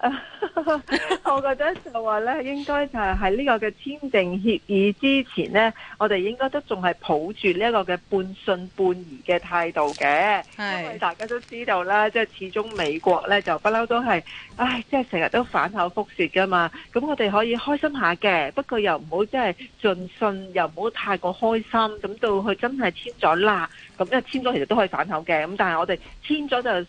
我覺得就話咧，應該就係喺呢個嘅簽訂協議之前呢，我哋應該都仲係抱住呢一個嘅半信半疑嘅態度嘅。是因為大家都知道啦，即係始終美國呢就不嬲都係，唉、哎，即係成日都反口覆舌噶嘛。咁我哋可以開心下嘅，不過又唔好即係盡信，又唔好太過開心。咁到佢真係簽咗啦，咁因為簽咗其實都可以反口嘅。咁但係我哋簽咗就。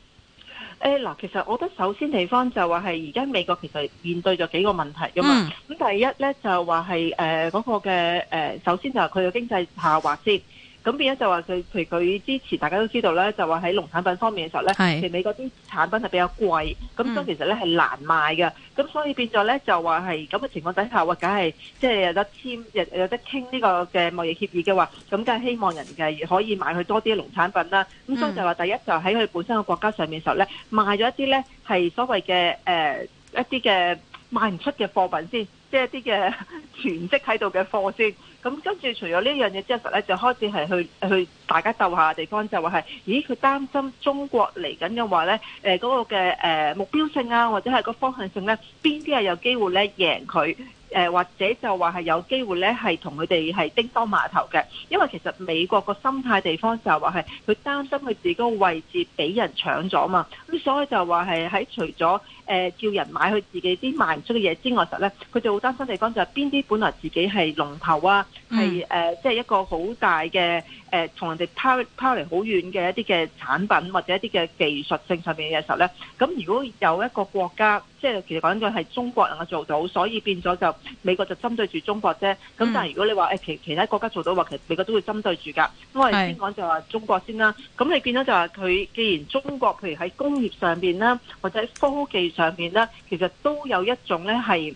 嗱、哎，其實我覺得首先地方就話係而家美國其實面對咗幾個問題㗎嘛。咁、嗯、第一呢就話係誒嗰個嘅、呃、首先就係佢嘅經濟下滑先。咁變咗就話佢，譬如佢之前大家都知道咧，就話喺農產品方面嘅時候咧，是其實美國啲產品係比較貴，咁、嗯、所以其實咧係難賣嘅，咁所以變咗咧就話係咁嘅情況底下，或梗係即係有得簽，有有得傾呢個嘅貿易協議嘅話，咁梗係希望人嘅可以買佢多啲農產品啦。咁、嗯、所以就話第一就喺佢本身嘅國家上面嘅時候咧，賣咗一啲咧係所謂嘅誒、呃、一啲嘅賣唔出嘅貨品先。即係一啲嘅全職喺度嘅貨先，咁跟住除咗呢樣嘢之後，實咧就開始係去去大家鬥下地方，就話係，咦佢擔心中國嚟緊嘅話咧，誒、那、嗰個嘅誒目標性啊，或者係個方向性咧，邊啲係有機會咧贏佢？誒或者就話係有機會咧係同佢哋係叮噹碼頭嘅，因為其實美國個心態地方就係話係佢擔心佢自己個位置俾人搶咗啊嘛，咁所以就話係喺除咗誒叫人買佢自己啲賣唔出嘅嘢之外，實咧佢就。擔心地方就係邊啲？本來自己係龍頭啊，係誒、嗯，即係、呃就是、一個好大嘅誒、呃，同人哋拋拋離好遠嘅一啲嘅產品或者一啲嘅技術性上邊嘅嘢時候咧，咁如果有一個國家即係、就是、其實講緊佢係中國能夠做到，所以變咗就美國就針對住中國啫。咁、嗯、但係如果你話誒、欸、其其他國家做到話，話其實美國都會針對住噶。我哋先講就話中國先啦。咁你變咗就話佢既然中國譬如喺工業上邊啦，或者科技上邊啦，其實都有一種咧係。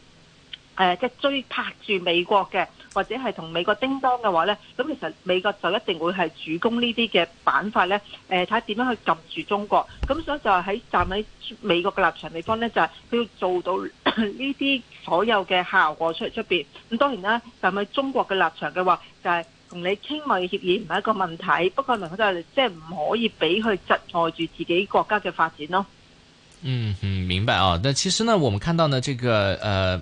誒即係追拍住美國嘅，或者係同美國叮當嘅話呢，咁其實美國就一定會係主攻呢啲嘅板塊呢。誒，睇下點樣去撳住中國。咁所以就係喺站喺美國嘅立場地方呢，就係、是、佢要做到呢啲所有嘅效果出嚟。出面。咁當然啦，站喺中國嘅立場嘅話，就係、是、同你簽貿易協議唔係一個問題，不過明確就係即係唔可以俾佢窒礙住自己國家嘅發展咯。嗯哼、嗯，明白啊、哦。但其實呢，我們看到呢，這個、呃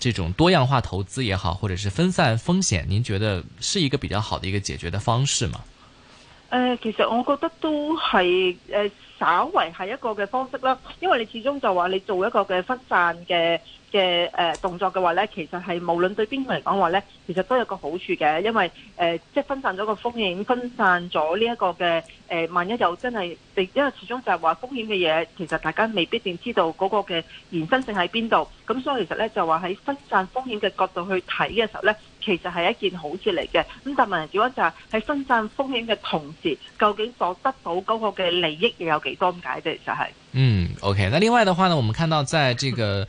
這種多樣化投資也好，或者是分散風險，您覺得是一個比較好的一個解決的方式嗎？誒、呃，其實我覺得都係誒、呃，稍為係一個嘅方式啦，因為你始終就話你做一個嘅分散嘅。嘅誒、呃、動作嘅話呢，其實係無論對邊個嚟講話呢，其實都有個好處嘅，因為誒、呃、即係分散咗個風險，分散咗呢一個嘅誒、呃、萬一有真係，因為始終就係話風險嘅嘢，其實大家未必定知道嗰個嘅延伸性喺邊度。咁所以其實呢，就話喺分散風險嘅角度去睇嘅時候呢，其實係一件好事嚟嘅。咁但問題如果就係喺分散風險嘅同時，究竟所得到嗰個嘅利益又有幾多咁解啫？其實係嗯，OK。那另外嘅話呢，我們看到在這個。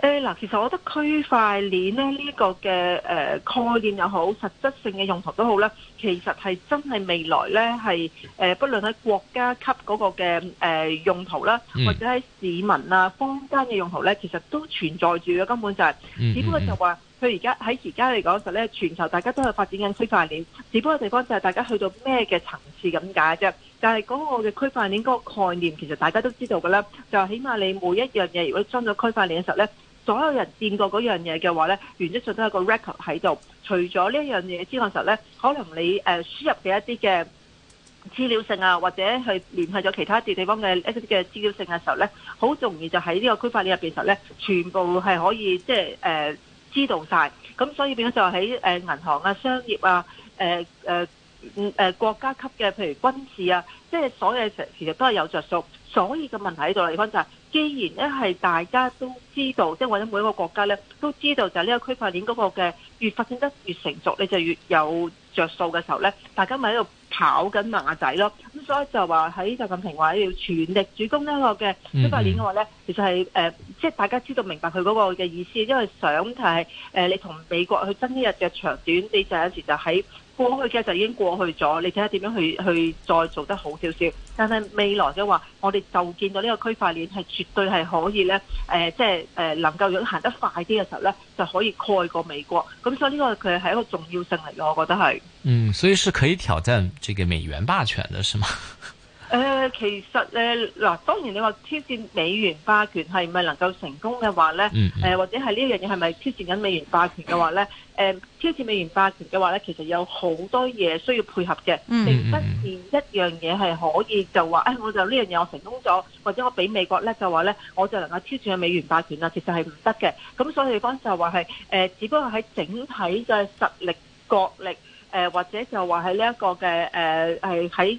嗱、呃，其實我覺得區塊鏈咧呢、呢個嘅誒、呃、概念又好，實質性嘅用途都好啦。其實係真係未來咧係誒，不論喺國家級嗰個嘅、呃、用途啦，嗯、或者喺市民啊坊間嘅用途咧，其實都存在住嘅根本就係、係，嗯、只不過就話佢而家喺而家嚟講實咧，全球大家都係發展緊區塊鏈，只不過的地方就係大家去到咩嘅層次咁解啫。但係嗰個嘅區塊鏈嗰個概念，其實大家都知道㗎啦，就係起碼你每一樣嘢如果裝咗區塊鏈嘅時候咧。所有人見過嗰樣嘢嘅話呢，原則上都係個 record 喺度。除咗呢一樣嘢之外嘅時候呢，可能你誒輸入嘅一啲嘅資料性啊，或者係聯繫咗其他地地方嘅一啲嘅資料性嘅時候呢，好容易就喺呢個區塊鏈入邊嘅時候呢，全部係可以即係誒知道晒。咁所以變咗就喺誒銀行啊、商業啊、誒誒誒國家級嘅，譬如軍事啊，即係所有其實都係有着數。所以嘅問題喺度嚟翻就係，既然咧係大家都知道，即係或者每一個國家咧都知道，就係呢個區塊鏈嗰個嘅越發展得越成熟，你就越有着數嘅時候咧，大家咪喺度跑緊馬仔咯。咁所以就話喺習近平話要全力主攻呢一個嘅區塊鏈嘅話咧，其實係誒即係大家知道明白佢嗰個嘅意思，因為想就係誒，你同美國去爭一日嘅長短，你就有時就喺過去嘅就已經過去咗，你睇下點樣去去再做得好少少。但係未來嘅話，我哋就見到呢個區塊鏈係絕對係可以咧，誒、呃，即係誒，能夠行得快啲嘅時候咧，就可以蓋過美國。咁所以呢個佢係一個重要性嚟嘅，我覺得係。嗯，所以是可以挑戰這個美元霸權的，是嗎？ 誒、呃，其實咧，嗱、呃，當然你話挑戰美元霸權係咪能夠成功嘅話咧？誒、嗯嗯呃，或者係呢一樣嘢係咪挑戰緊美元霸權嘅話咧？誒、嗯，挑戰、呃、美元霸權嘅話咧，其實有好多嘢需要配合嘅，並不是一樣嘢係可以就話，誒、哎，我就呢樣嘢我成功咗，或者我比美國叻就話咧，我就能夠挑戰緊美元霸權啦。其實係唔得嘅。咁所以嚟講就係話係，只不過喺整體嘅實力、角力，誒、呃，或者就話喺呢一個嘅，誒、呃，係喺。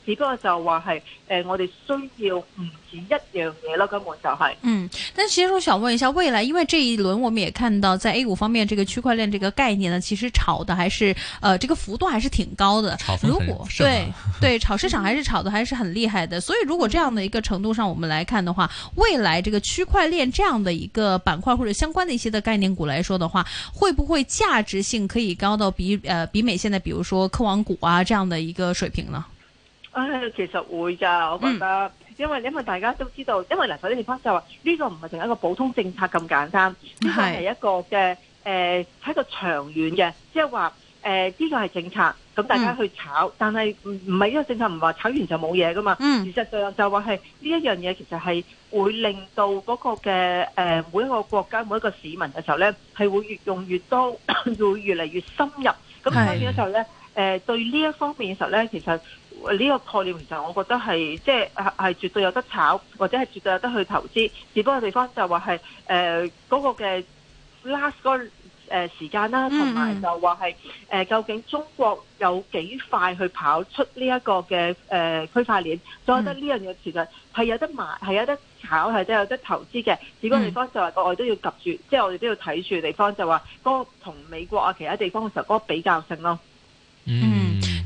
只不過就話係，誒、呃，我哋需要唔止一樣嘢咯，根本就係、是。嗯，但其實我想問一下未來，因為這一輪我們也看到，在 A 股方面，這個區塊鏈這個概念呢，其實炒的還是，呃，這個幅度還是挺高的。炒，如果對對，對炒市場，還是炒的還是很厲害的。嗯、所以如果這樣的一個程度上，我們來看的話，未來這個區塊鏈這樣的一個板塊或者相關的一些的概念股來說的話，會不會價值性可以高到比，呃比美現在，比如說科網股啊這樣的一個水平呢？哎、其實會㗎，我覺得，因為、嗯、因為大家都知道，因為嗱，我啲地方就話呢、呢個唔係淨係一個普通政策咁簡單，呢個係一個嘅誒、呃、係一個長遠嘅，即係話誒呢個係政策，咁大家去炒，嗯、但係唔唔係呢個政策唔話炒完就冇嘢噶嘛，事實上就話係呢一樣嘢其實係、就係、會令到嗰個嘅誒、呃、每一個國家每一個市民嘅時候咧係會越用越多， 會越嚟越深入。咁所以咧就咧誒是、呃、對呢一方面嘅時候咧其實。呢個概念其實我覺得係即係係絕對有得炒，或者係絕對有得去投資。只不過地方就話係誒嗰個嘅 last 嗰個誒時間啦，同埋、嗯、就話係誒究竟中國有幾快去跑出呢一個嘅誒區塊鏈？所以我覺得呢樣嘢其實係有得買，係有得炒，係都有得投資嘅。只不過地方就話我哋都要及住，嗯、即係我哋都要睇住地方就話，就話嗰個同美國啊其他地方嘅時候嗰個比較性咯。嗯。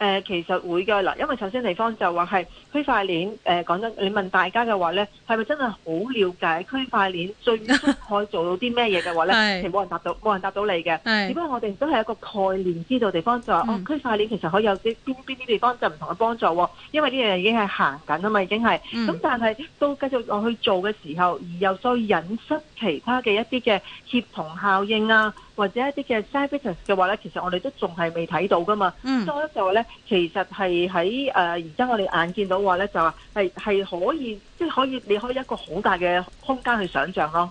誒、呃、其實會嘅啦，因為首先地方就話係區塊鏈誒，講、呃、真，你問大家嘅話咧，係咪真係好了解區塊鏈最終可以做到啲咩嘢嘅話咧？ 其實冇人答到，冇人答到你嘅。只不過我哋都係一個概念，知道地方就話哦，區塊鏈其實可以有啲邊邊啲地方就唔同嘅幫助喎。因為呢樣已經係行緊啊嘛，已經係。咁、嗯、但係到繼續落去做嘅時候，而又再引出其他嘅一啲嘅協同效應啊，或者一啲嘅 service 嘅話咧，其實我哋都仲係未睇到噶嘛。嗯、所以就話咧。其實係喺誒，而家我哋眼見到話咧，就係係可以，即係可以，你可以一個好大嘅空間去想象咯。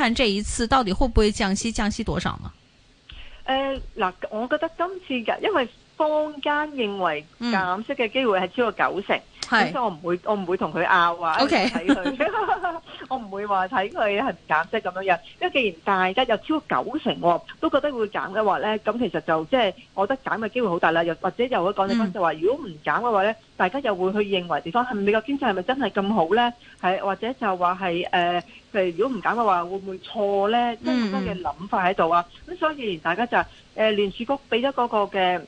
看這一次到底會不會降息？降息多少呢？誒，嗱，我覺得今次嘅，因為坊間認為減息嘅機會係超過九成。嗯所以我唔會我唔會同佢拗話睇佢，我唔會話睇佢係唔減息咁樣樣。因為既然大家有超過九成，我都覺得會減嘅話咧，咁其實就即係我覺得減嘅機會好大啦。又或者又可以講地方就話，如果唔減嘅話咧，大家又會去認為地方美國經濟係咪真係咁好咧？係或者就話係誒，譬如如果唔減嘅話，會唔會錯咧？即係咁樣嘅諗法喺度啊。咁所以既然大家就係誒聯儲局俾咗嗰個嘅。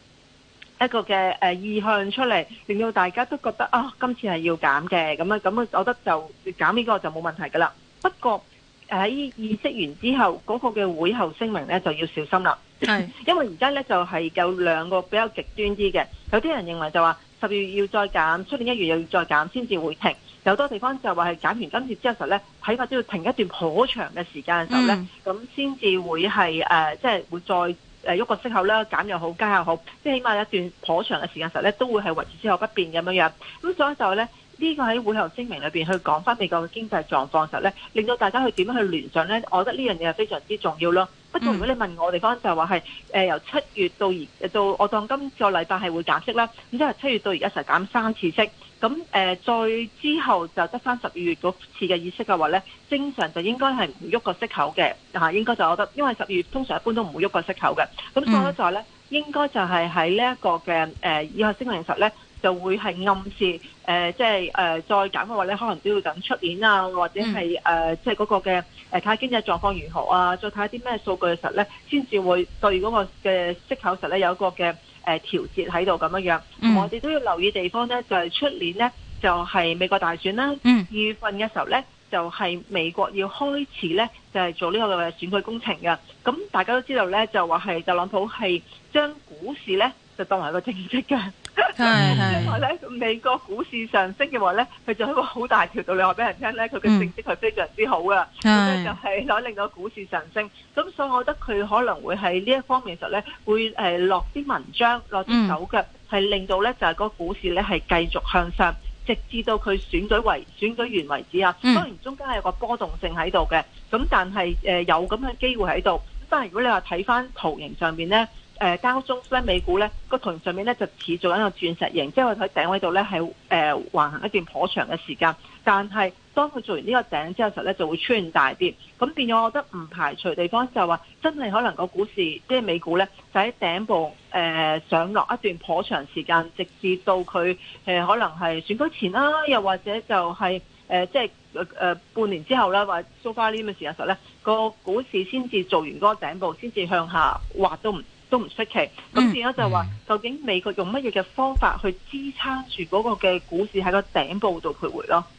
一個嘅、呃、意向出嚟，令到大家都覺得啊、哦，今次係要減嘅咁啊，咁啊，我覺得就減呢個就冇問題噶啦。不過喺意識完之後，嗰、那個嘅會後聲明咧就要小心啦。是因為而家咧就係、是、有兩個比較極端啲嘅，有啲人認為就話十月要再減，出年一月又要再減先至會停。有好多地方就話係減完今次之後咧，睇法都要停一段頗長嘅時間嘅時候咧，咁先至會係、呃、即係會再。誒喐個息口啦，減又好，加又好，即係起碼一段頗長嘅時間實咧都會係維持之後不變咁樣樣。咁所以就咧呢、呢個喺會後聲明裏面去講翻美國嘅經濟狀況實咧，令到大家去點樣去聯想咧，我覺得呢樣嘢係非常之重要咯。不過如果你問我地方就係話係誒由七月到而到我當今個禮拜係會減息啦，咁即係七月到而家實減三次息。咁誒、呃，再之後就得返十二月嗰次嘅議息嘅話咧，正常就應該係唔喐個息口嘅嚇、啊，應該就覺得，因為十二月通常一般都唔會喐個息口嘅。咁再一再咧，嗯、應該就係喺呢一個嘅誒、呃、以後聲明時咧，就會係暗示誒，即係誒再減嘅話咧，可能都要等出年啊，或者係誒，即係嗰個嘅誒，睇下經濟狀況如何啊，再睇下啲咩數據嘅時候咧，先至會對嗰個嘅息口時咧有一個嘅。誒，調節喺度咁樣樣，咁、嗯、我哋都要留意地方咧，就係、是、出年咧就係、是、美國大選啦。嗯、二月份嘅時候咧，就係、是、美國要開始咧就係、是、做呢個嘅選舉工程嘅。咁大家都知道咧，就話係特朗普係將股市咧就當埋個政績嘅。係，因為咧，美國股市上升嘅話咧，佢就喺個好大條道你話俾人聽咧，佢嘅政績係非常之好噶，咁咧、嗯、就係攞令到股市上升。咁、嗯、所以我覺得佢可能會喺呢一方面時候咧，會誒落啲文章，落啲手腳，係、嗯、令到咧就係嗰股市咧係繼續向上，直至到佢選舉為選舉完為止啊。當、嗯、然中間係有個波動性喺度嘅，咁但係誒有咁嘅機會喺度。但係如果你話睇翻圖形上邊咧。誒，交中咧，美股咧個圖上面咧就似做緊個鑽石形，即係佢喺頂位度咧係誒橫行一段頗長嘅時間。但係當佢做完呢個頂之後時候咧，就會出現大跌。咁變咗，我覺得唔排除地方就話，真係可能個股市即係、就是、美股咧，就喺、是、頂部誒上落一段頗長時間，直至到佢誒可能係選舉前啦，又或者就係誒即係誒半年之後啦，或蘇花聯嘅時候咧，個股市先至做完嗰個頂部，先至向下滑都唔。都唔出奇，咁變咗就話、嗯、究竟美國用乜嘢嘅方法去支撐住嗰個嘅股市喺個頂部度徘徊咯？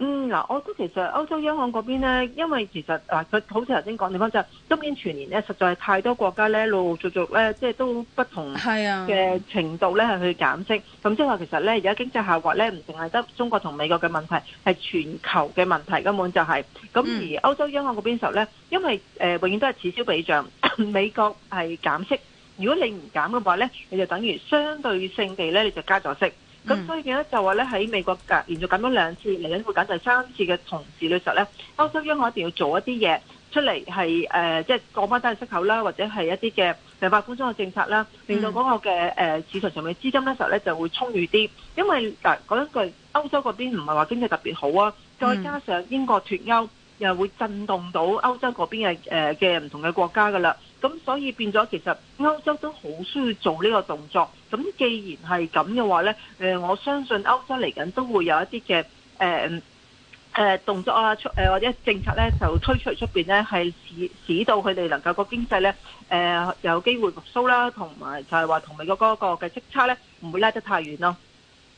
嗯，嗱，我覺得其實歐洲央行嗰邊咧，因為其實嗱，佢、啊、好似頭先講地方、就是，就今年全年咧，實在太多國家咧，陸陸續續咧，即係都不同嘅程度咧，係去減息。咁即係話其實咧，而家經濟下滑咧，唔淨係得中國同美國嘅問題，係全球嘅問題根本就係、是。咁而歐洲央行嗰邊時候咧，因為誒、呃、永遠都係此消彼長， 美國係減息，如果你唔減嘅話咧，你就等於相對性地咧，你就加咗息。咁、嗯、所以記得就話咧，喺美國隔連續減咗兩次，嚟緊會減第三次嘅同時嘅時候咧，歐洲央行一定要做一啲嘢出嚟係、呃、即係降翻低息口啦，或者係一啲嘅量化寬鬆嘅政策啦，令到嗰個嘅誒、呃、市場上面資金咧時候咧就會充裕啲。因為嗱講一句，歐洲嗰邊唔係話經濟特別好啊，再加上英國脱歐又會震動到歐洲嗰邊嘅嘅唔同嘅國家噶啦。咁所以變咗，其實歐洲都好需要做呢個動作。咁既然係咁嘅話呢，誒我相信歐洲嚟緊都會有一啲嘅誒誒動作啊，出誒或者政策呢，就推出出邊呢，係使使到佢哋能夠個經濟呢，誒、呃、有機會復甦啦，同埋就係話同美國嗰個嘅息差呢，唔會拉得太遠咯。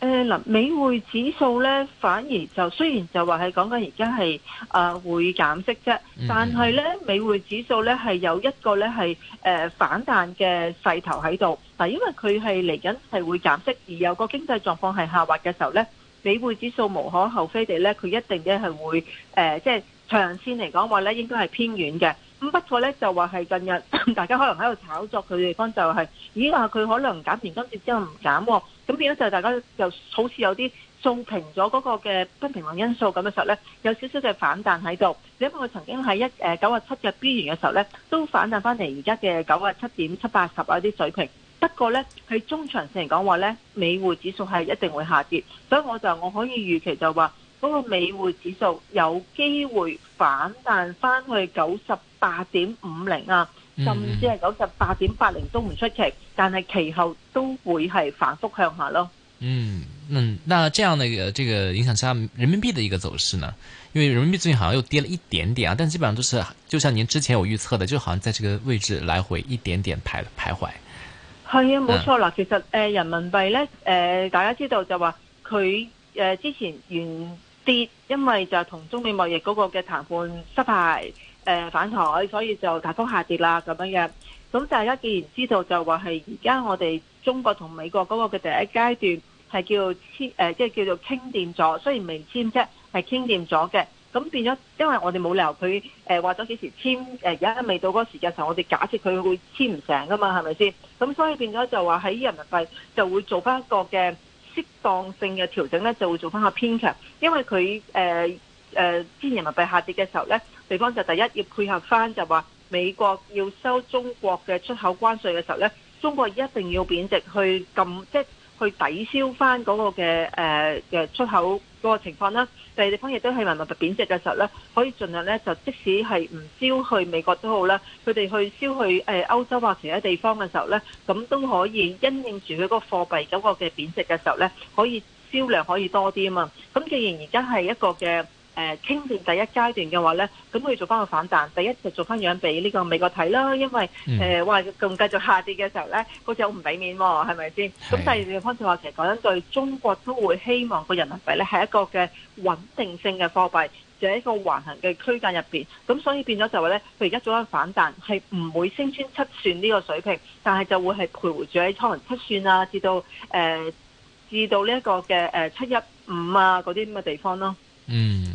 嗱、呃，美匯指數咧，反而就雖然就話係講緊而家係啊會減息啫，但係咧美匯指數咧係有一個咧係誒反彈嘅勢頭喺度。嗱，因為佢係嚟緊係會減息，而有個經濟狀況係下滑嘅時候咧，美匯指數無可厚非地咧，佢一定咧係會誒、呃、即係長線嚟講話咧，應該係偏軟嘅。咁不過咧，就話係近日大家可能喺度炒作佢嘅地方就係、是，咦話佢、啊、可能減完今次之後唔減喎。咁變咗就大家又好似有啲掃平咗嗰個嘅不平衡因素咁嘅時候咧，有少少嘅反彈喺度。因為我曾經喺一誒九啊七嘅邊緣嘅時候咧，都反彈翻嚟而家嘅九啊七點七八十啊啲水平。不過咧，喺中長線嚟講話咧，美匯指數係一定會下跌。所以我就我可以預期就話，嗰個美匯指數有機會反彈翻去九十八點五零啊！甚至係九十八點八零都唔出奇，但係其後都會係反覆向下咯。嗯嗯，那這樣的一個這個影響之下，人民幣的一個走勢呢？因為人民幣最近好像又跌了一點點啊，但基本上都是就像您之前有預測的，就好像在這個位置來回一點點徘徘徊。係啊，冇錯啦。嗯、其實誒，人民幣呢，誒、呃，大家知道就話佢誒之前原跌，因為就同中美貿易嗰個嘅談判失敗誒、呃、反台，所以就大幅下跌啦，咁樣嘅。咁大家既然知道就話係而家我哋中國同美國嗰個嘅第一階段係叫做簽誒、呃，即係叫做傾掂咗，雖然未簽啫，係傾掂咗嘅。咁變咗，因為我哋冇理由佢誒話咗幾時簽誒，而家未到嗰個時嘅時候，我哋假設佢會簽唔成噶嘛，係咪先？咁所以變咗就話喺人民幣就會做翻一個嘅適當性嘅調整咧，就會做翻個偏強，因為佢誒誒，既、呃、然、呃、人民幣下跌嘅時候咧。地方就第一，要配合翻就話美國要收中國嘅出口關稅嘅時候咧，中國一定要貶值去撳，即係去抵消翻嗰個嘅誒嘅出口嗰個情況啦。第二地方亦都係人民幣貶值嘅時候咧，可以儘量咧就即使係唔銷去美國都好啦，佢哋去銷去歐洲或其他地方嘅時候咧，咁都可以因應住佢個貨幣嗰個嘅貶值嘅時候咧，可以銷量可以多啲啊嘛。咁既然而家係一個嘅。誒傾掂第一階段嘅話咧，咁佢做翻個反彈，第一就做翻樣俾呢個美國睇啦，因為誒話仲繼續下跌嘅時候咧，嗰隻好唔俾面喎，係咪先？咁是第二方面話，其實講緊對中國都會希望個人民幣咧係一個嘅穩定性嘅貨幣，就係一個橫行嘅區間入邊。咁所以變咗就話咧，佢而家做返個反彈係唔會升穿七算呢個水平，但係就會係徘徊住喺可能七算啊，至到誒至、呃、到呢一個嘅、呃、七一五啊嗰啲咁嘅地方咯。嗯。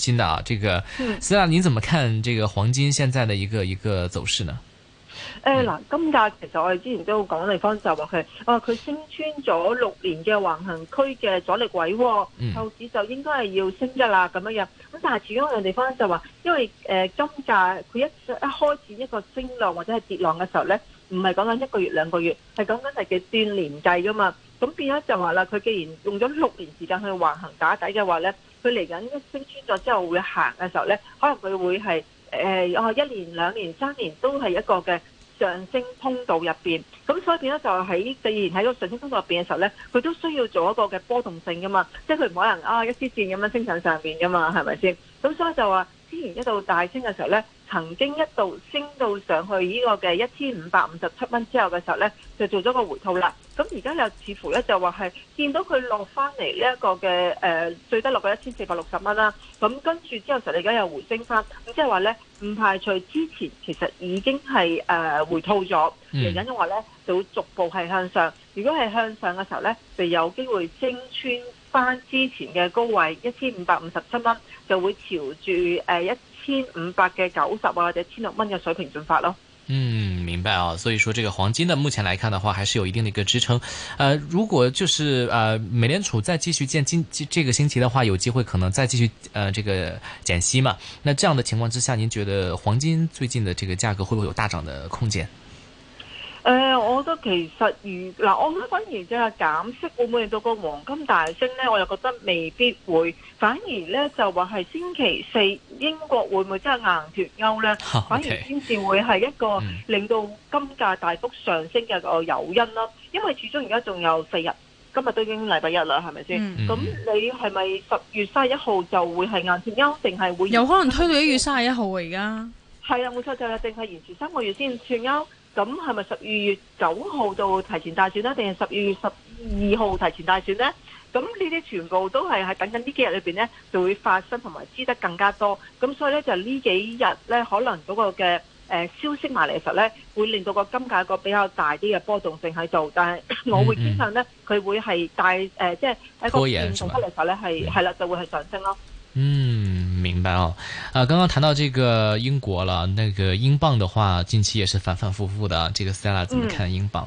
新的啊，這個，嗯、斯亞，你怎麼看這個黃金現在的一個一個走勢呢？誒嗱、呃，金價其實我哋之前都講地方就話佢，哦、啊、佢升穿咗六年嘅橫行區嘅阻力位、哦，嗯、後市就應該係要升噶啦咁樣樣。咁但係始終有地方就話，因為誒、呃、金價佢一一開始一個升浪或者係跌浪嘅時候咧，唔係講緊一個月兩個月，係講緊係嘅斷年計噶嘛。咁變咗就話啦，佢既然用咗六年時間去橫行打底嘅話咧。佢嚟緊一升穿咗之後會行嘅時候咧，可能佢會係誒哦一年、兩年、三年都係一個嘅上升通道入邊，咁所以變咗就喺既然喺個上升通道入邊嘅時候咧，佢都需要做一個嘅波動性噶嘛，即係佢唔可能啊一絲線咁樣升上上面噶嘛，係咪先？咁所以就話。之前一度大升嘅時候呢，曾經一度升到上去呢個嘅一千五百五十七蚊之後嘅時候呢，就做咗個回吐啦。咁而家又似乎呢，就話係見到佢落翻嚟呢一個嘅誒、呃、最低落嘅一千四百六十蚊啦。咁跟住之後嘅你而家又回升翻，咁即係話呢，唔排除之前其實已經係誒、呃、回吐咗，嚟緊嘅話呢，就會逐步係向上。如果係向上嘅時候呢，就有機會升穿翻之前嘅高位一千五百五十七蚊，就會朝住誒一千五百嘅九十啊或者千六蚊嘅水平進發咯。嗯，明白啊，哦，所以說這個黃金呢，目前來看的話，還是有一定的一個支撐。誒、呃，如果就是誒、呃、美聯儲再繼續建金，這個星期的話，有機會可能再繼續誒、呃、這個減息嘛。那這樣的情況之下，您覺得黃金最近的這個價格會不會有大漲的空間？誒、呃，我覺得其實如嗱，我覺得反而就係減息會唔會令到個黃金大升咧？我又覺得未必會，反而咧就話係星期四英國會唔會真係硬脫歐咧？Okay. 反而先至會係一個令到金價大幅上升嘅個誘因啦。因為始終而家仲有四日，今日都已經禮拜一啦，係咪先？咁、嗯、你係咪十月三十一號就會係硬脫歐，定係會有可能推到一月三十一號？而家係啊，冇錯就係，定係延遲三個月先脫歐。咁係咪十二月九號到提前大選呢？定係十二月十二號提前大選呢？咁呢啲全部都係喺等緊呢幾日裏邊呢，就會發生同埋知得更加多。咁所以呢，就呢幾日呢，可能嗰個嘅消息埋嚟嘅時候呢，會令到個金價個比較大啲嘅波動性喺度。但係我會傾向呢，佢、嗯嗯、會係帶，即係喺個變動出嚟時候呢，係係啦，就會係上升咯。嗯。明白哦，啊、呃，剛剛談到這個英國了，那個英鎊的話，近期也是反反复覆的。這個 Stella 怎麼看英鎊？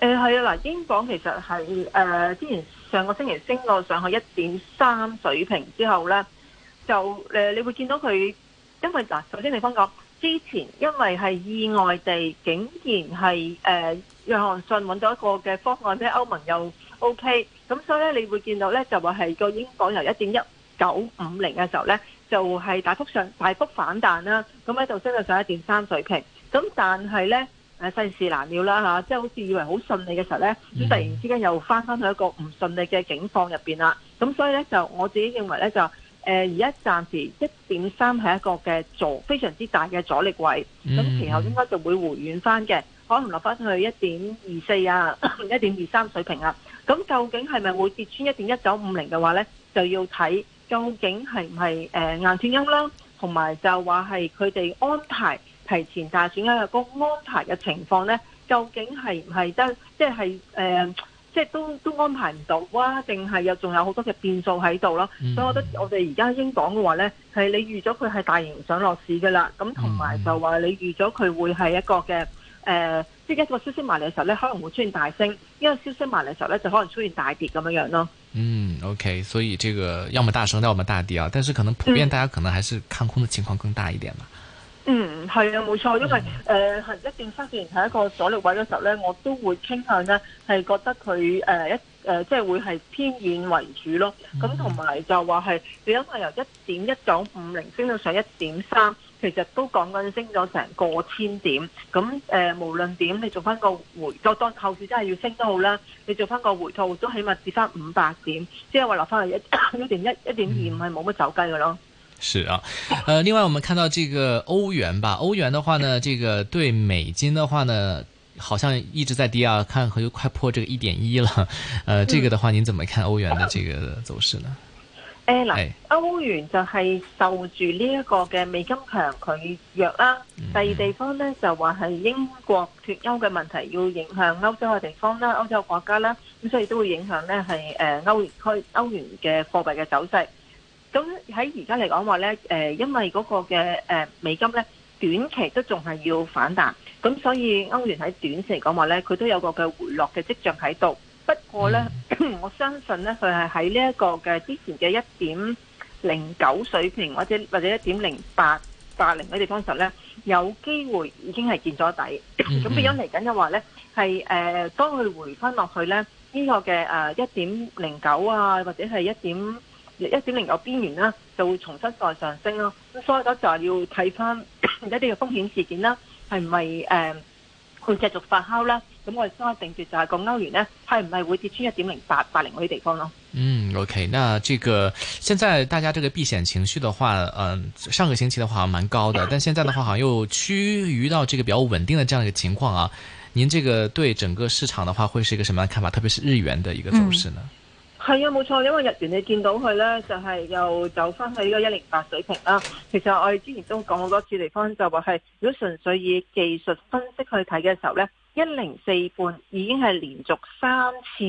誒係啊，嗱、呃，英鎊其實係誒、呃、之前上個星期升到上去一點三水平之後呢，就誒、呃、你會見到佢，因為嗱、啊，首先你講之前因為係意外地，竟然係誒約翰遜揾到一個嘅方案即係歐盟又 OK，咁所以呢，你會見到呢，就話係個英鎊由一點一九五零嘅時候呢。就係大幅上、大幅反彈啦、啊，咁喺度升到上一點三水平。咁但係呢，誒、啊、世事難料啦、啊、即係好似以為好順利嘅時候咁、嗯、突然之間又翻翻去一個唔順利嘅境況入邊啦。咁所以呢，就我自己認為呢，就誒而家暫時一點三係一個嘅阻，非常之大嘅阻力位。咁其後應該就會回軟翻嘅，可能落翻去一點二四啊、一點二三水平啊。咁究竟係咪會跌穿一點一九五零嘅話呢？就要睇。究竟係唔係誒硬轉音啦，同埋就話係佢哋安排提前大選嘅嗰個安排嘅情況呢，究竟係唔係得即係誒，即係、呃、都都安排唔到啊？定係又仲有好多嘅變數喺度咯？Mm hmm. 所以我覺得我哋而家應講嘅話呢，係你預咗佢係大型上落市嘅啦，咁同埋就話你預咗佢會係一個嘅誒、呃，即係一個消息埋嚟嘅時候呢，可能會出現大升，一個消息埋嚟嘅時候呢，就可能出現大跌咁樣樣咯。嗯，OK，所以這個要麼大升，要麼大跌啊，但是可能普遍大家可能還是看空的情況更大一點嘛。嗯，係、嗯、啊，冇錯，嗯、因為誒係一點三幾年係一個阻力位嘅時候咧，我都會傾向咧係覺得佢誒一誒即係會係偏軟為主咯。咁同埋就話係你因為由一點一九五零升到上一點三。其實都講緊升咗成個千點，咁誒、呃、無論點你做翻個回，再當後市真係要升都好啦，你做翻個回吐都起碼跌翻五百點，即係話留翻去一一點一、一點二五係冇乜走雞嘅咯。是啊、呃，另外我們看到這個歐元吧，歐元的話呢，這個對美金的話呢，好像一直在跌啊，看下就快破這個一點一了。呃，這個的話您怎麼看歐元的這個走勢呢？ 誒，嗱，歐元就係受住呢一個嘅美金強佢弱啦。第二地方咧就話係英國脫歐嘅問題，要影響歐洲嘅地方啦，歐洲嘅國家啦，咁所以都會影響咧係誒歐元區歐元嘅貨幣嘅走勢。咁喺而家嚟講話咧，誒，因為嗰個嘅誒美金咧短期都仲係要反彈，咁所以歐元喺短綫嚟講話咧，佢都有個嘅回落嘅跡象喺度。不過呢，我相信呢，佢係喺呢一個嘅之前嘅一點零九水平，或者或者一點零八八零嘅地方時候呢，有機會已經係見咗底。咁、嗯嗯、變咗嚟緊嘅話呢係誒、呃、當佢回翻落去呢，呢、這個嘅誒一點零九啊，或者係一點一點零九邊緣啦，就會重新再上升咯。咁所以咧就要睇翻一啲嘅風險事件啦，係唔係誒佢繼續發酵啦？咁我哋先去定住，就係講歐元呢，係唔係會跌穿一點零八八零嗰啲地方咯？嗯，OK，那這個現在大家這個避險情緒的話，嗯、呃，上個星期的話蠻高的，但現在的話，好像又趨於到這個比較穩定的這樣一個情況啊。您這個對整個市場的話，會是一個什麼樣的看法？特別是日元的一個走勢呢？係、嗯、啊，冇錯，因為日元你見到佢呢，就係、是、又走翻去呢個一零八水平啦。其實我哋之前都講過多次地方就是是，就話係如果純粹以技術分析去睇嘅時候呢。一零四半已經係連續三次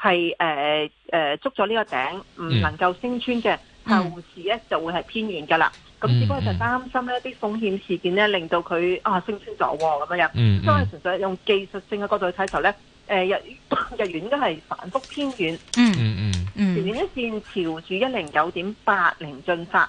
係誒誒捉咗呢個頂，唔能夠升穿嘅，後市咧就會係偏軟㗎啦。咁、嗯嗯、只不過就擔心一啲風險事件咧，令到佢啊升穿咗咁樣嗯。嗯，所以純粹用技術性嘅角度去睇頭咧，誒、呃、日日元都係反覆偏軟、嗯。嗯嗯嗯嗯，前面一線朝住一零九點八零進發。